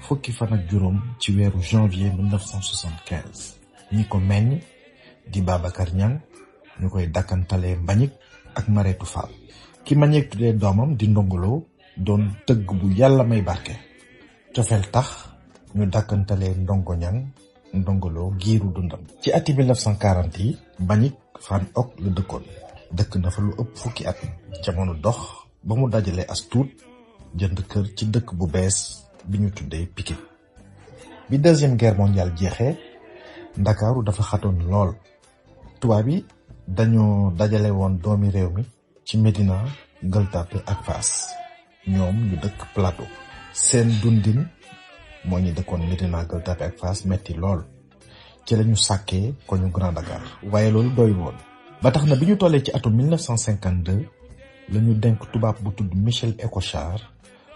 fukki fan ak juróom ci weeru janvier 1975 ñi ko meññ di Babacar ñang ñu koy dakantale Mbagnick ak maretu Fall ki Mbagnick tuddee doomam di ndongolo doon tëgg bu yàlla may barke cofeel tax ñu dakantale ndongo ñang ndongolo giiru dundam ci ati 1940 yi Mbagnick fan ok la dëkkoon dëkk na fa lu ëpp fukki at jamono dox ba mu dajalee as tuut jënd kër ci dëkk bu bees bi ñu tuddee Pikine bi deuxième guerre mondiale jeexee ndakaaru dafa xatoon lool tubaab yi dañoo dajale woon doomi réew mi ci Médina Gueule Tapée ak Fass ñoom ñu dëkk Plateau seen dundin moo ñu dëkkoon Médina Gueule Tapée ak Fass metti lool ci lañu sàkkee ko ñu Grand Dakar waaye loolu doy woon ba tax na bi ñu tollee ci atum 1952 la ñu denk tubaab bu tudd Michel Ecochard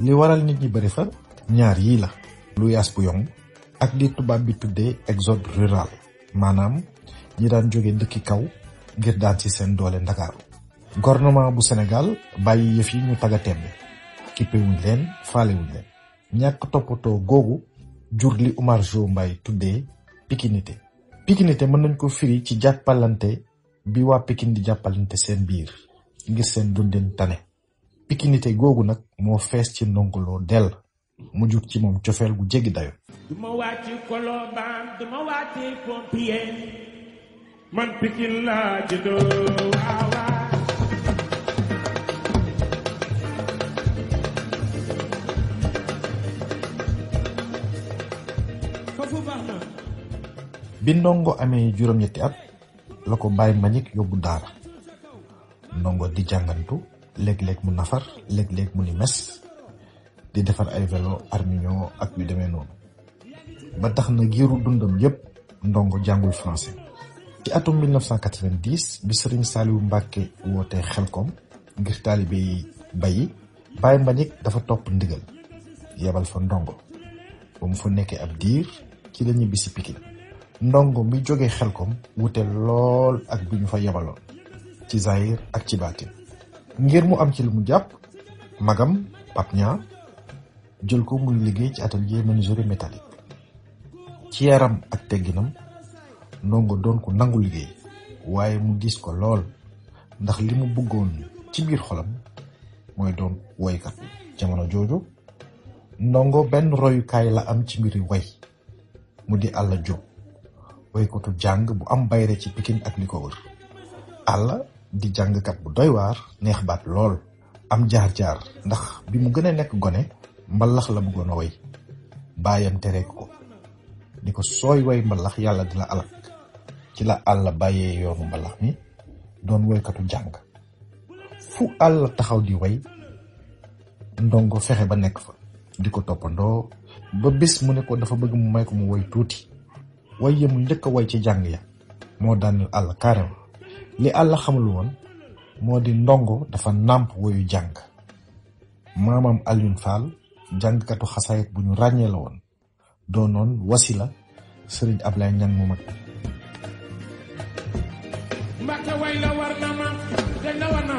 li waral nit ñi bari fa ñaar yi la lu yas bu yong ak li bi exode rural manam, ñi daan jóge dëkki kaw ngir daan ci seen doole ndakaaru gouvernement bu sénégal bàyyi yëf yi ñu taga tembe kippewuñ leen faalewuñ leen ñàkk toppatoo googu jur li Umar Jo Mbay tuddee pikinité pikinité mën nañ ko firi ci jàppalante bi waa pikin di jàppalante seen biir ngir seen dundin tane pikinité googu nak mo fess ci ndongoloo del mu jug ci mom ciofel gu jéggi dayo duma wàcci kolobaan duma wati pompier man pikin la jëdoo waaw bi ndongo amee juróom ñetti at lako baye manik yobu yóbbu daara ndongo di jangantou léeg-léeg mu nafar léeg-léeg mu ni mes di defar ay velo armignon ak yu demee noonu ba tax na giiru dundam yépp ndongo jàngul français ci atum 1990 bi Serigne Saliou Mbacke wootee xelkom ngir taalibe yi bayi Baye Mbagnick dafa topp ndigal yebal fa ndongo ba mu fa nekkee ab diir ci la ñibbi si Pikine ndongo mi jógee xelkom wute lool ak bi ñu fa yebaloon ci zahir ak ci baatin ngir mu am ci lu mu jàpp magam Pape Niang jël ko muy liggéey ci atelier menuiserie métallique ci yaram ak tegginam ndongo doon ko nangu liggéey waaye mu gis ko lool ndax li mu bëggoon ci biir xolam mooy doon woykat jamono jooju ndongo benn royukaay la am ci mbiru woy mu di Alla Diop woykatu jàng bu am bayre ci Pikine ak li ko wër Alla di jàngkat bu doy waar neex bat lol am jaar jaar ndax bi mu gëna nek goné mbalax la bu gono way bayam téré ko diko soy way mbalax yalla dina alak ci la baye yo yoonu mbalax mi way katu jang fu alla taxaw di way ndongo fexé ba nek fa di ko ba bis mu ne ko dafa bëgg mu may ko mu way tuti way ya mu way ci jang ya mo karam li àlla xamul woon moo di ndongo dafa nàmp woyu jàng maamam Alioune Fall jàngkatu xasaayit bu ñu ràññee la woon doonoon wasila sëriñ Ablaye Ñang mu mag way la war na ma dañ la war na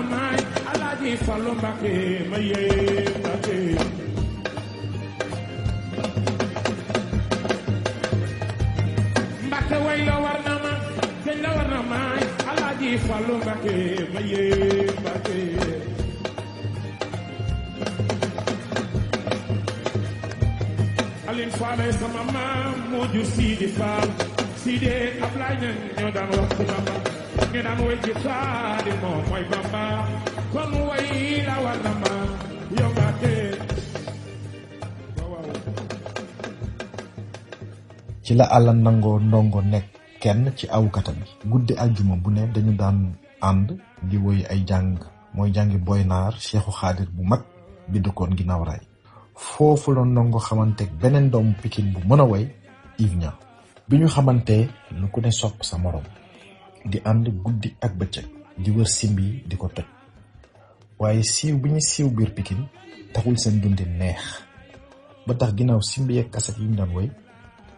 ma aji Fallu Mbakke maye Mbakke Alin Faale sama maam moo jur Sidi Fall Sidi Ablaye ña ñoo daan wax ci Bamba ñu daan way ci Xaadi moom Bamba kon way la war na ci la Alla nangoo ndongo nekk kenn ci katam bi guddi aljuma bu ne dañu daan ànd di woy ay jàng mooy jàngi boy naar cheikhu xaadir bu mag bi dëkkoon ginnaaw ray foofu la ndongo xamante beneen doomu pikin bu mën a woy ivnia bi ñu lu ku ne sopp sa morom di and guddi ak bëccëg di wër simbi di ko toj waaye siiw bi ñu siiw biir pikin taxul seen dundi neex ba tax ginaaw simbi ak kaset yi ñu daan woy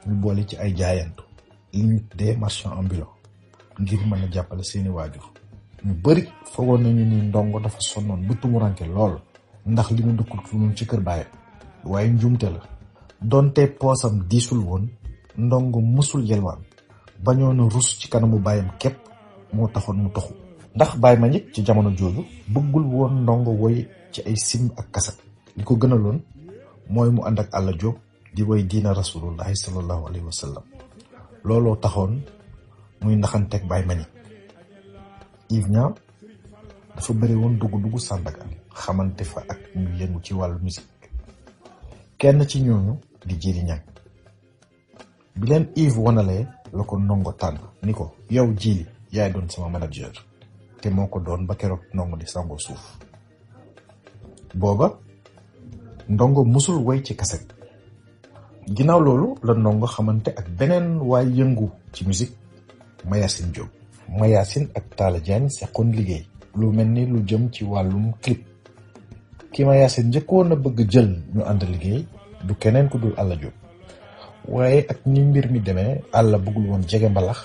ñu boole ci ay jaayantu li ñu tuddee marchand ambulant ngir mën jappal seeni wajur ñu bari fogoon nañu ni ndongo dafa sonnon bu ranké lool ndax limu mu fu ci kër baye waye njumte la donte posam disul won ndongo musul yelwan bañoon a rus ci kanamu bayam kep mo taxon mu taxu ndax bàyyi ma ñëpp ci jamono joju bëggul won ndongo woy ci ay sim ak kasat liko ko moy mu andak alla àlla di way dina Rasulullah sallallahu Alaihi Wasallam lolo taxone muy naxanteeg by Manick Ivna, Niang dafa bëri won dugu dugu Sandaga xamante fa ak ñu yëngu ci walu musique kenn ci ñooñu di jëri Niang bi len ive wonale la ko ndongo tànn yow jili yaay doon sama manager te moko doon ba kéro nongo di sango suuf boba ndongo musul way ci kaset ginnaaw loolu la ndongo xamante ak beneen waay yëngu ci musique Mayacine Diop Mayacine ak Talla Diagne seqoon liggéey lu mel ni lu jëm ci wàllum clip ki Mayacine njëkkoon a bëgg jël ñu ànd liggéey du keneen ku dul Alla Diop waaye ak ni mbir mi demee àll bëggul woon jege mbalax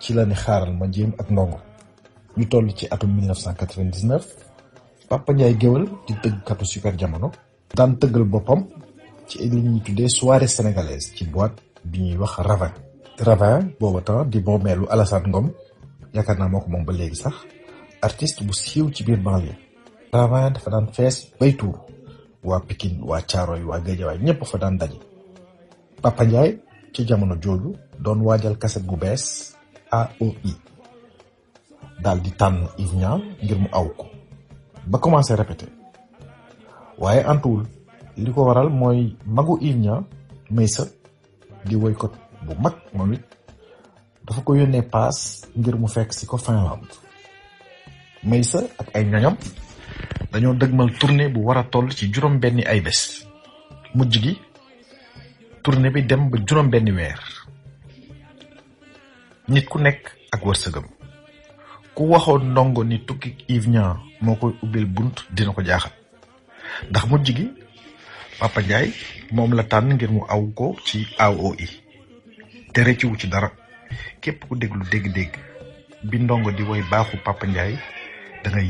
ci la ni xaaral ma jéem ak ndongo ñu toll ci atum 1999 Papa Ndiaye géwal di tëggkatu super jamono daan tëggal boppam ci li ñuy tuddee soirée sénégalaise ci boîte bi ñuy wax ravin ravin booba temps di moomeelu alassane ngom yaakaar naa moo ko moom ba léegi sax artiste bu siiw ci biir banlie ravin dafa daan fees bay tour. waa pikin waa caaroy waa géejawaay ñëpp fa daan daje papa ndiaye ci jamono jooju doon waajal kaset bu bees aoi dal di tànn ivnia ngir mu aw ko ba commencé répété waaye antuwul li ko waral mooy magu Yves Niang Meissa di woykot bu mag moom it dafa ko yónnee paas ngir mu fekk si ko Finlande Meissa ak ay ñoñam dañoo dëgmal tournée bu war a toll ci juróom benni ay bés mujj gi tournée bi dem ba juróom benni weer nit ku nekk ak wërsëgam ku waxoon ndongo ni tukki Yves moo koy ubbil bunt dina ko jaaxal ndax mujj gi Papa jay mom la tan ngir mu aw ko ci AOI e. ci wu ci dara képp ku déglu dégg-dégg bi ndongo di woy baxu Papa jay da nga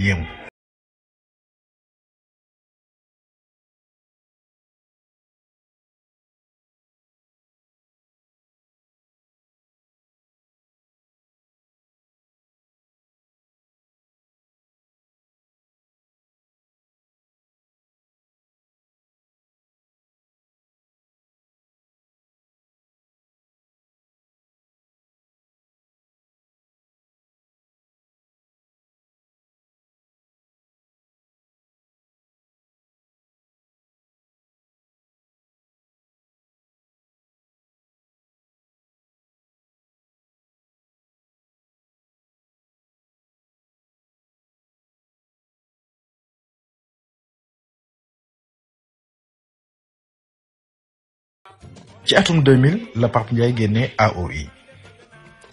ci atum 2000 la Pape Ndiaye génnee AOI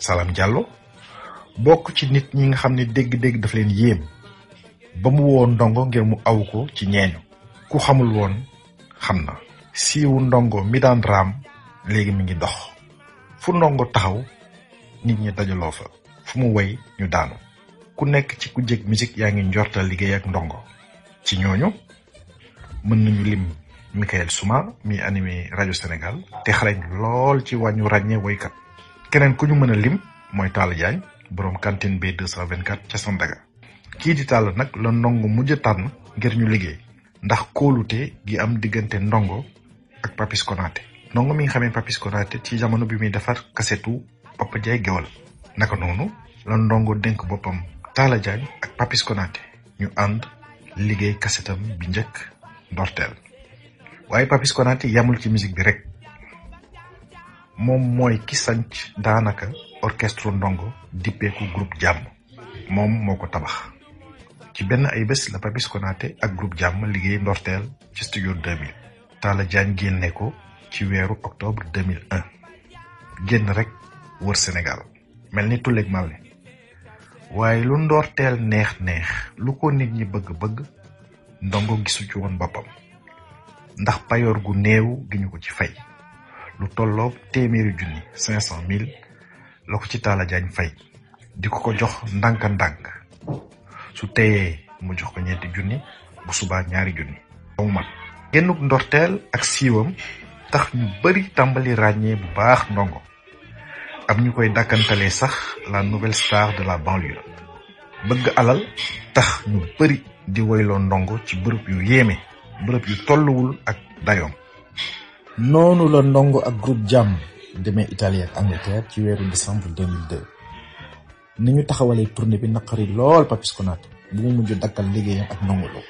Salam Diallo bokk ci nit ñi nga xam ne dégg-dégg daf leen yéem ba mu woo ndongo ngir mu aw ko ci ñeeñu ku xamul woon xam na siiwu ndongo mi daan raam léegi mi ngi dox fu ndongo taxaw nit ñi dajaloo fa fu mu woy ñu daanu ku nekk ci ku jëg musique yaa ngi njortal liggéey ak ndongo ci ñooñu mën nañu lim Michael Sumar, mi animé radio Sénégal té lain lool ci wàññu ràññee woykat keneen ku ñu mëna lim moy Tall Jaay borom cantine B224 ca Sandaga ki di tall nak la ndongo mujj tan ngir ñu liggé ndax kóolute gi am digënté ndongo ak Papis Konaté ndongo mi xamé Papis Konaté ci jamono bi kasetu Papa Jaay gewal naka nonu la ndongo dénk bopam Tall New ak Papis Konaté ñu ànd bi ñëk Bartel. waaye Papis Konaté yamul ci musique bi rek moom mooy ki sanc daanaka orchestre ndongo dippeeku groupe jàmm moom moo ko tabax ci benn ay bés la Papis ak groupe jàmm liggéey ndorteel ci studio 2000 Talla Diagne génne ko ci weeru octobre 2001 génn rek wër Sénégal mel ni tulleeg mal ne waaye lu ndorteel neex neex lu ko nit ñi bëgg-bëgg ndongo gisu ci woon boppam ndax payor gu néew giñu ko ci fay lu tolloog téméré junni 500000 cent la ko ci tala jañ fay di ko jox ndank ndank su teyee mu jox ko ñetti junni bu suba ñaari junni ba ma gennuk ndortel ak siwam tax ñu bari tambali ragné bu baax ndongo am ñu koy sax la nouvelle star de la banlieue bëgg alal tax ñu bari di woylo ndongo ci bërupp yu yéeme bërepp yu tolluwul ak dayoom noonu la ndongo ak groupe jam demee Italie ak Angleterre ci weeru décembre 2002 ni ñu taxawalee tournée bi naqari lool Papis Konaté bu mu mujj dakkal liggéeyam ak Ndongo loo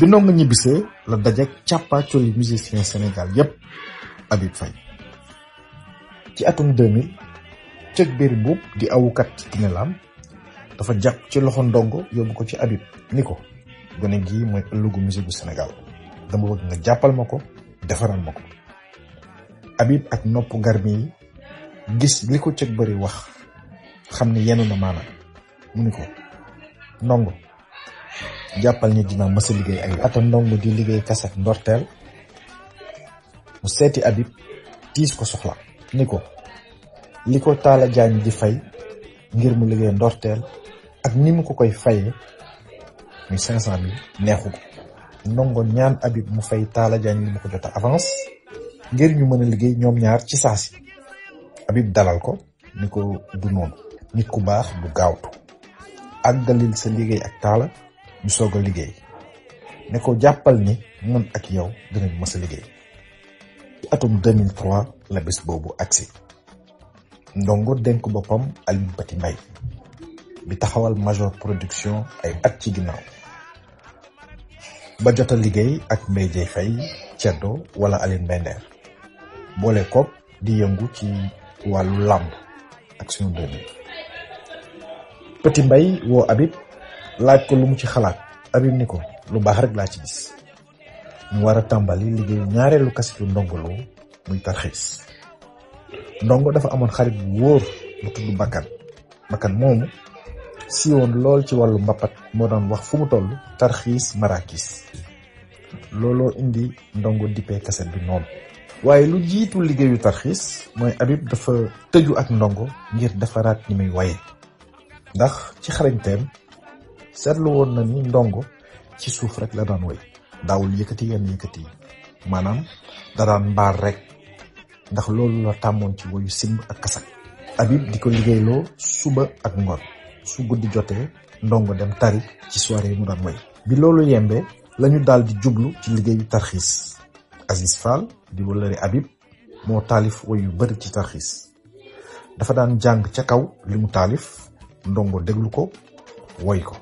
bi ndongo ñibbisee la dajak càppaacoli musicien Sénégal yépp abib fay ci atum 2000 cëg biir buub di awukat ci tinelaam dafa jàpp ci loxo ndongo yóbbu ko ci abib ni ko gone gii mooy ëllëgu musique bu Sénégal dama bëgg nga jàppal ma ko defaral ma ko Habib ak nopp garmi yi gis li ko cëg bari wax xam ne yenn na maanaam mu ni ko ndongo jàppal ni dina mës a liggéey ak ata ndongo di liggéey kaset ndorteel mu seeti Habib tiis ko soxla ni ko li ko taala jaañ di fay ngir mu liggéey ndorteel ak ni mu ko koy fayee muy 500 nehuk. neexu ko ndongo ñaan Habib mu fay Talla Diagne mu ko jot avance ngir ñu mën a liggéey ñoom ñaar ci saasi Habib dalal ko niko ko du noonu nit ku baax du gaawtu àggalil sa liggéey ak Talla ñu soog liggéey ne ko ni ak yow dinañ liggéey ci atum 2003 la bés boobu agsi ndongo denk boppam Alim Pati Mbaye bi taxawal major production ay at ci ginnaaw ba jota liggéey ak mbay fay ceddo wala alin mbender boole koog di yëngu ci wàllu làmb ak suñu dënn petit mbay woo abib laaj ko lu mu ci xalaat abib ni ko lu baax rek laa ci gis ñu war a tàmbali liggéey ñaareelu kasitu ndongolo muy tarxiis ndongo dafa amoon xarit bu wóor bu tudd bakkan bakkan moomu siiwoon lol ci walu mbapat mo don wax fu toll tarxis marakis lolo indi ndongo dipe kaset bi non waye lu jitu liggéeyu tarxis moy abib dafa teju ak ndongo ngir dafarat ni muy waye ndax ci tem setlu won na ni ndongo ci souf rek la don way dawul yëkkati yenn yëkkati manam maanaam da daan mbaar rek ndax loolu la tamon ci wayu simb ak kasak abib diko ko suba ak ngor su guddi jotee ndongo dem tari ci soirée yi mu daan way bi loolu yembe lañu daal di jublu ci liggéeyu tarxiis aziz fall di wëlëri abib moo taalif way yu bari ci tarxiis dafa daan jàng ca kaw li mu taalif ndongo déglu ko woy ko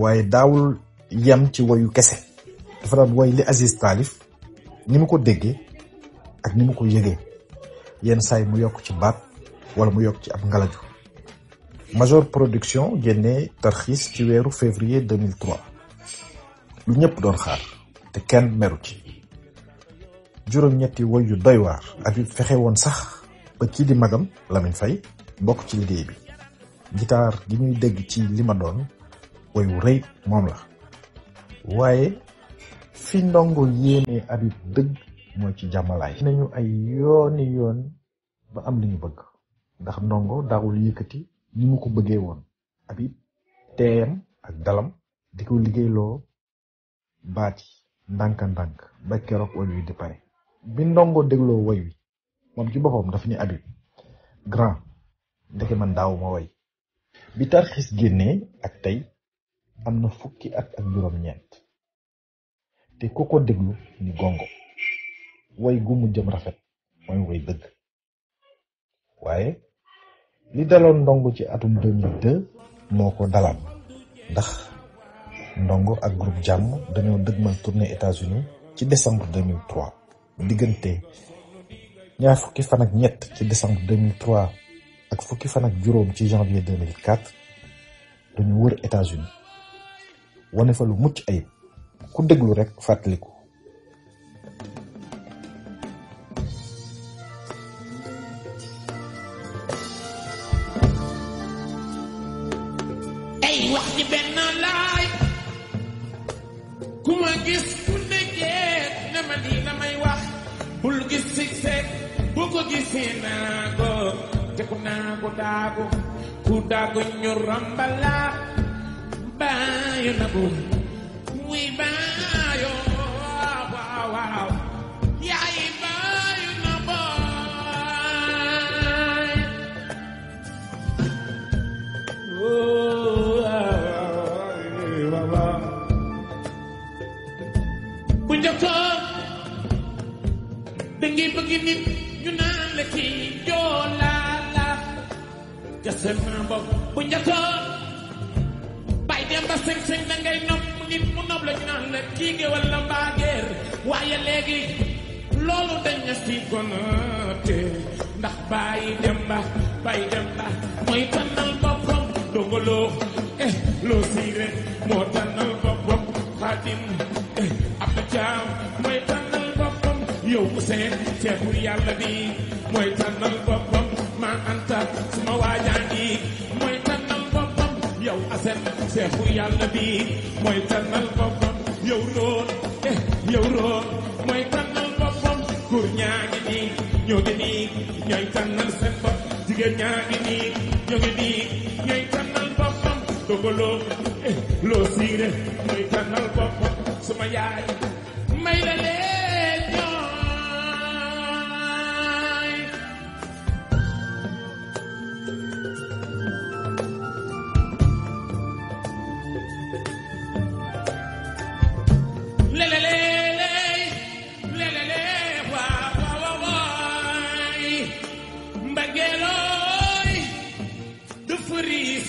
waaye daawul yam ci wayu kese dafa daan woy li aziz taalif ni mu ko déggee ak ni mu ko yëgee yenn saay mu yokk ci baat wala mu yokk ci ab ngalaju Major Production génnee tarxis ci wéru février 2003 lu ñëpp doon xaar te kenn meru ci juróom-ñetti woy yu doy waar Habib fexe woon sax ba ci di magam Lamine fay bokk ci liggéey bi gitaar gi ñuy dégg ci li ma doon woy wu rëy moom la waaye fi ndongo yéenee Habib dëgg mooy ci jàmmalaay nañu ay yooni yoon ba am li ñu bëgg ndax ndongo daawul yëkkati ni mu ko bëggee woon abi teeyam ak dalam di ko liggéeyloo baat yi ndànk ndànk ba keroog way wi di pare bi ndongo dégloo way wi moom ci boppam dafa ni abib grand ndeke man daaw ma way bi tarxis génnee ak tey am na fukki at ak juróom ñeent te ku ko déglu ni gongo way gu mu jëm rafet mooy way dëgg waaye li daloon ndongo ci atum 2002 moo ko dalal ndax ndongo ak groupe jàmm dañoo dëgmal tournée États-Unis ci décembre 2003 diggante ñaar fukki fan ñett ci décembre 2003 ak fukki fan ak juróom ci janvier 2004 dañu wër États-Unis wane fa lu mucc ay ku déglu rekk fàttaliku. sinago te ku naagu daagu bayo daagu ñu rambala baayo wow muy baayo waaw na bu ci joolaa la gasal na bopp bu njëkkoon bàyyi dem ba sëñ-sëñ na ngay nopp nit mu nopp la ñu naan eh, eh, la kii nge wala mbaageer waaye léegi loolu dañ na si konaate ndax bàyyi dem ba bàyyi dem ba mooy tànnal boppam dongaloo eh loo siire moo tànnal boppam xaadim eh ab jaam mooy tànnal boppam yow mu seen ceebur yàlla bi mooy tànnal boppam ma anta suma waajaa ngi mooy tànnal boppam yow aset seexu yàlla bi mooy tànnal boppam yow roon eh yow roon mooy tànnal boppam góor ñaa ngi nii ñoo ngi nii ñooy tànnal seen bopp jigéen ñaa ngi nii ñoo ngi nii ñooy tànnal boppam dogaloo eh loo siire mooy tànnal boppam suma yaay may la lee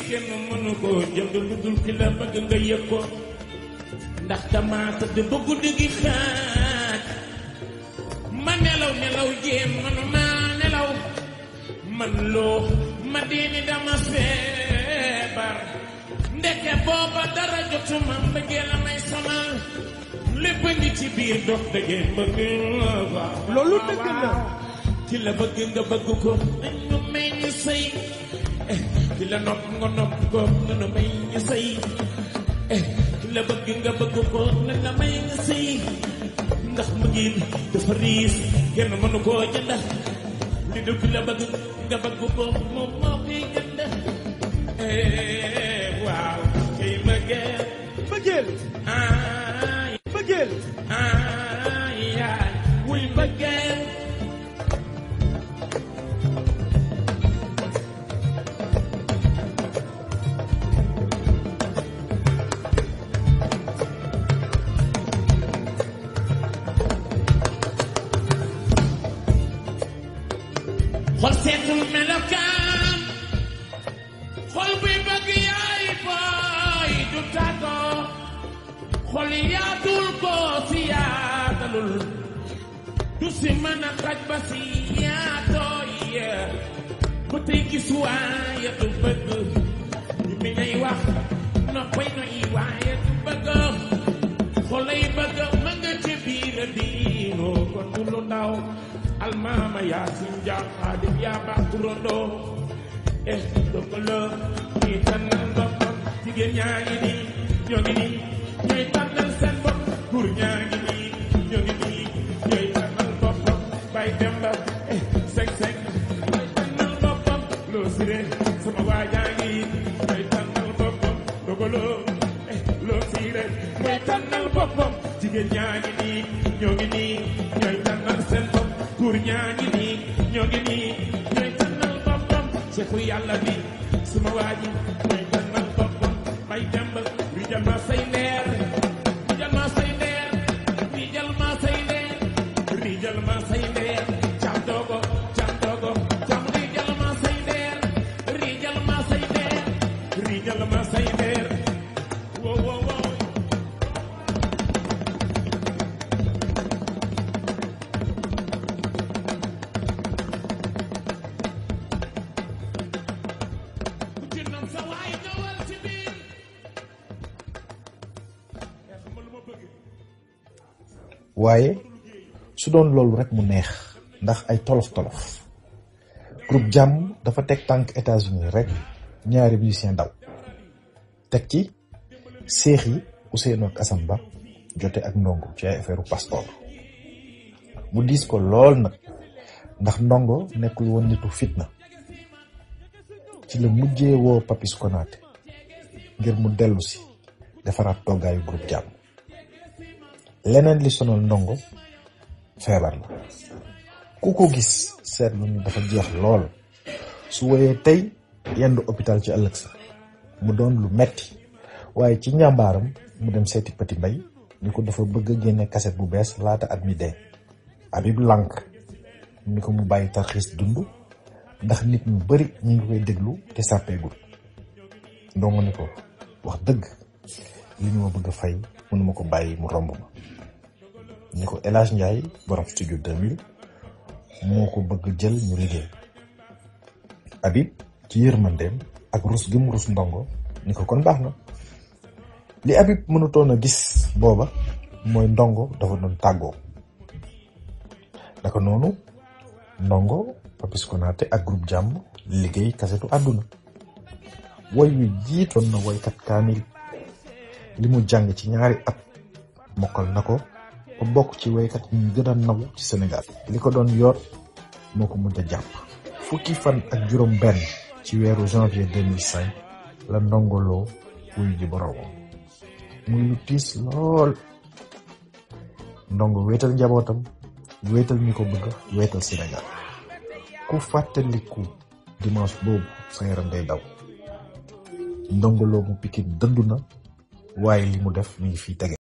kenn mënu ko jënd lu dul ki bëgg nga yëg ndax tamaata di ba guddi ma nelaw nelaw jéem manu nelaw man loo ma diini dama feebar ndeke booba dara jotuma mbëggee la may sonal lépp ngi ci biir dox dëggee mbëgg loolu dëgg la bëgg nga bëgg ko la nopp nga nopp ko nana may nga sëy ki la bëgg nga bëgg ko nana may nga sëy ndax mbëggeel dafa riis kenn mënu koo jënd li du ki la bëgg nga bëgg ko moom moo koy jënd waaw kay mbëggeel mbëggeel ah mbëggeel ah yaay wuy mbëggeel diino ko tullu ndaw almama yasin jam hadim yaba turondo do. dokolo ni tanal bopp jigéen ñaa ngi ni ñoo ngi ni ñooy tànnal seen bopp góor jigéen ñaa ngi nii ñoo ngi nii ñooy tànnal seen bopp góor ñaa ngi nii ñoo ngi nii ñooy tànnal boppam seexu yàlla bi suma waa ji waaye su doon loolu rek mu neex ndax ay tolof tolof groupe jàmm dafa teg tànk États-Unis rek ñaari musiciens daw teg ci seex yi Ousseynou ak Assane jote ak ndongo ci ay affaire passeport mu diis ko lool nag ndax ndongo nekkul woon nitu fitna ci la mujjee woo Papis Konaté ngir mu dellu si defaraat toggaayu groupe jàmm leneen li sonal ndongo feebar la ku ko gis lu ni dafa jeex lool su woyee tey yendu hôpital ci ëllëg sa mu doon lu metti waaye ci njàmbaaram mu dem seeti Petit Mbay ni ko dafa bëgg a génne kaset bu bees laata at mi dee abib lank ni ko mu bàyyi tarxiis dund ndax nit ñu bari ñu ngi koy déglu te sàppeegul ndongo ni ko wax dëgg li ñu ma bëgg fay mënuma ko bàyyi mu romb Niko ko elage ndiaye borom studio 2000 moko bëgg jël ñu liggéey abib ci yërmandeem ak rus gi mu rus ndongo ni ko kon baxna li abib mënutoon a gis boba moy ndongo dafa doon taggo naka nonu ndongo papis konaate ak groupe jàmm liggéey kasetu aduna way wi jiton na way limu kamil limu jang ci ñaari at mokal nako ba bokk ci waykat yi ñu gën a naw ci Sénégal li ko doon yoot moo ko a jàpp fukki fan ak juróom benn ci weeru janvier 2005 la Ndongo Lo wuyu ji boroomam muy lu tiis lool ndongo wéetal njabootam wéetal ñi ko bëgg wéetal Sénégal ku fàttaliku dimanche boobu sa yaram day daw Ndongo Lo mu Pikine dëndu na waaye li mu def mi ngi fii tege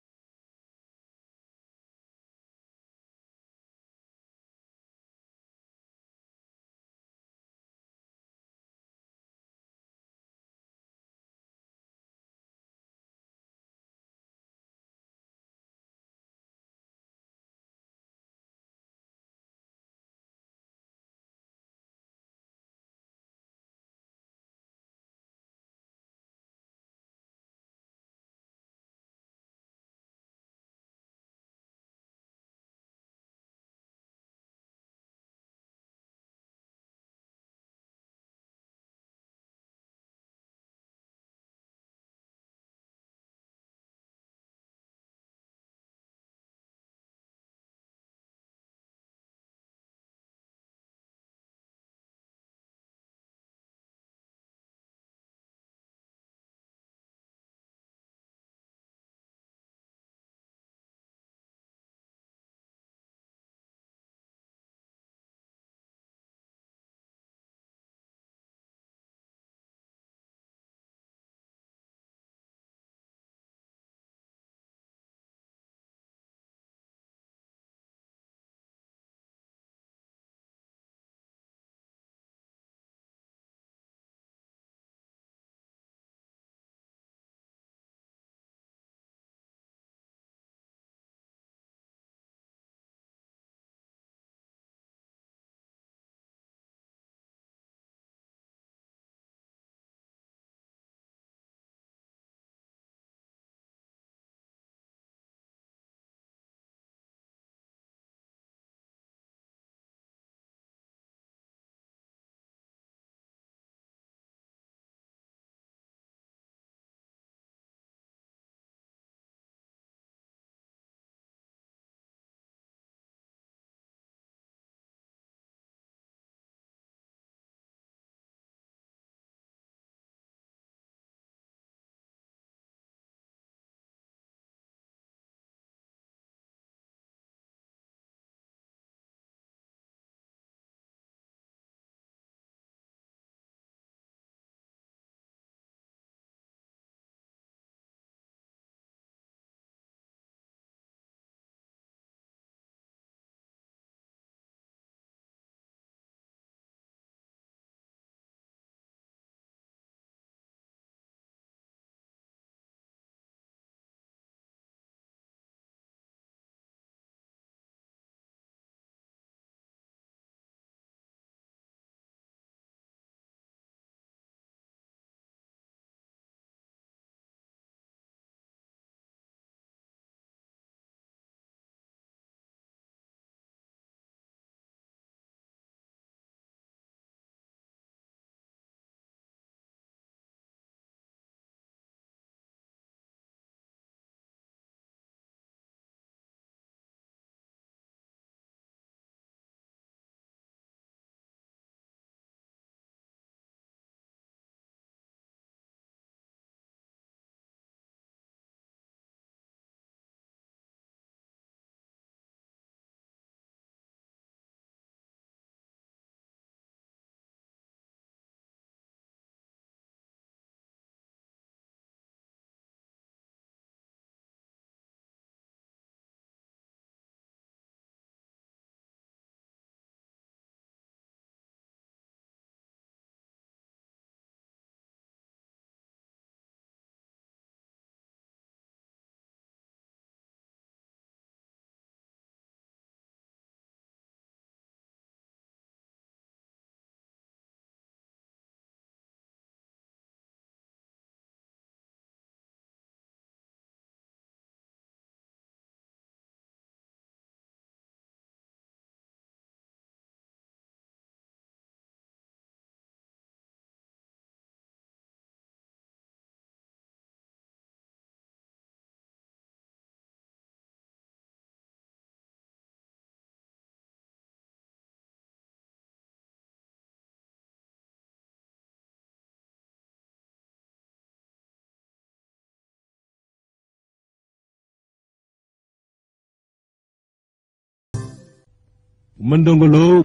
Mendung Mendongolo.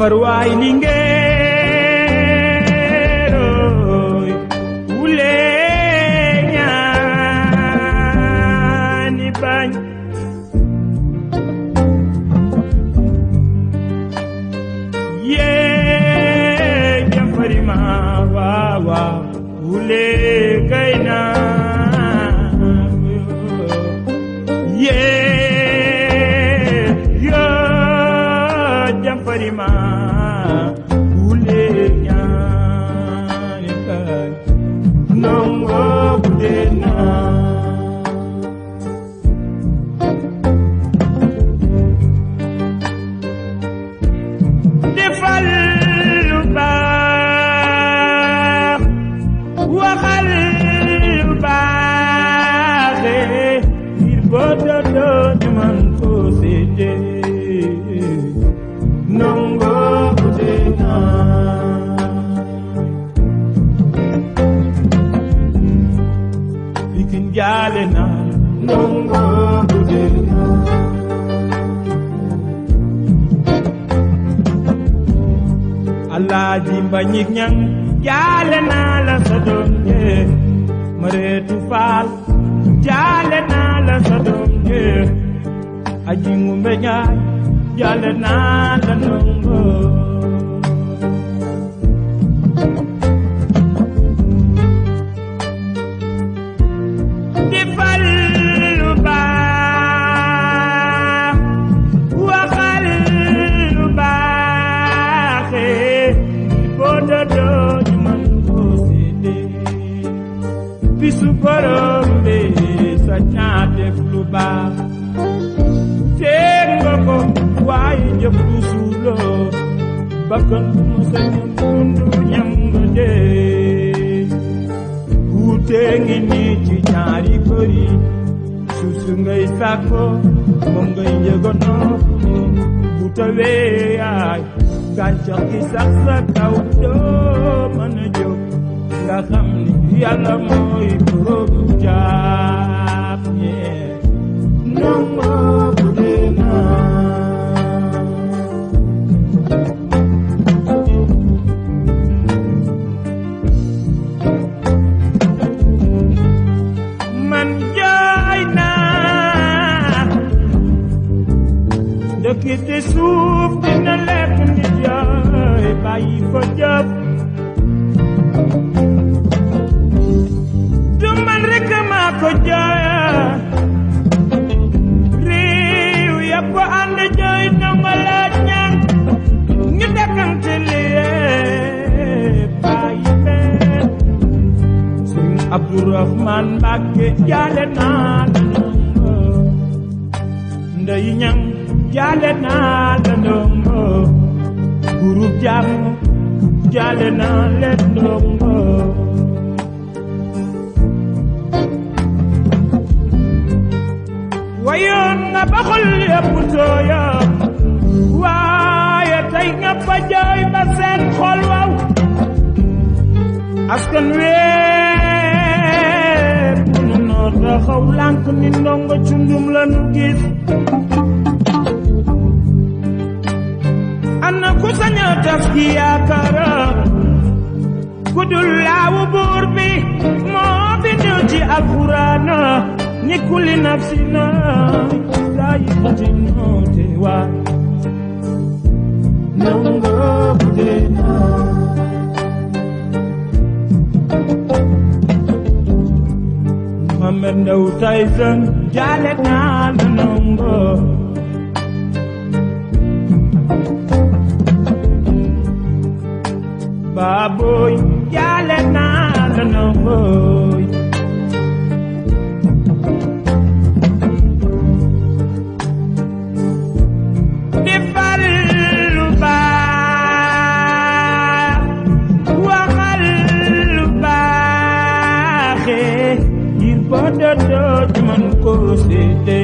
Faruai ninge wadata niman to sede nongo kujena Fikin jalena nongo kujena Alaji banyik nyang jalena la sadonye Maretu fal jalena I je aji ngumbe nyaay yalla na la nungo def lu baax teeg nga ko waaye jëf lu suuloo bakkan bu ma sañoon dund ñam nga dee guute ngi nii ci ñaari bëri suusu ngay sàkko moom ngay yëganoo bu tawee yaay gàncax gi sax sa kaw doo mën a jóg nga xam ni yàlla mooy borom jaar Kiti suuf dina lekk ni jaay bàyyi fa jëf du man rek maa ko jaay Abdourahmane Mbacké jaale naa la ndongo Ndeye Niang guru jam la ndongo groupe jàmm jaale naa la ndongo wayoon nga ba xol askan nga xaw lànk ni ndongo cundum la nu gis ana ku sañ a ki yaakaaram ku dul laawu bi moo bindu ci alxuraana ni kulli nafsina zaa'iqatul mawt Yow tay sën jaale naa la nongo Baboy jaale naa la nongo você tem.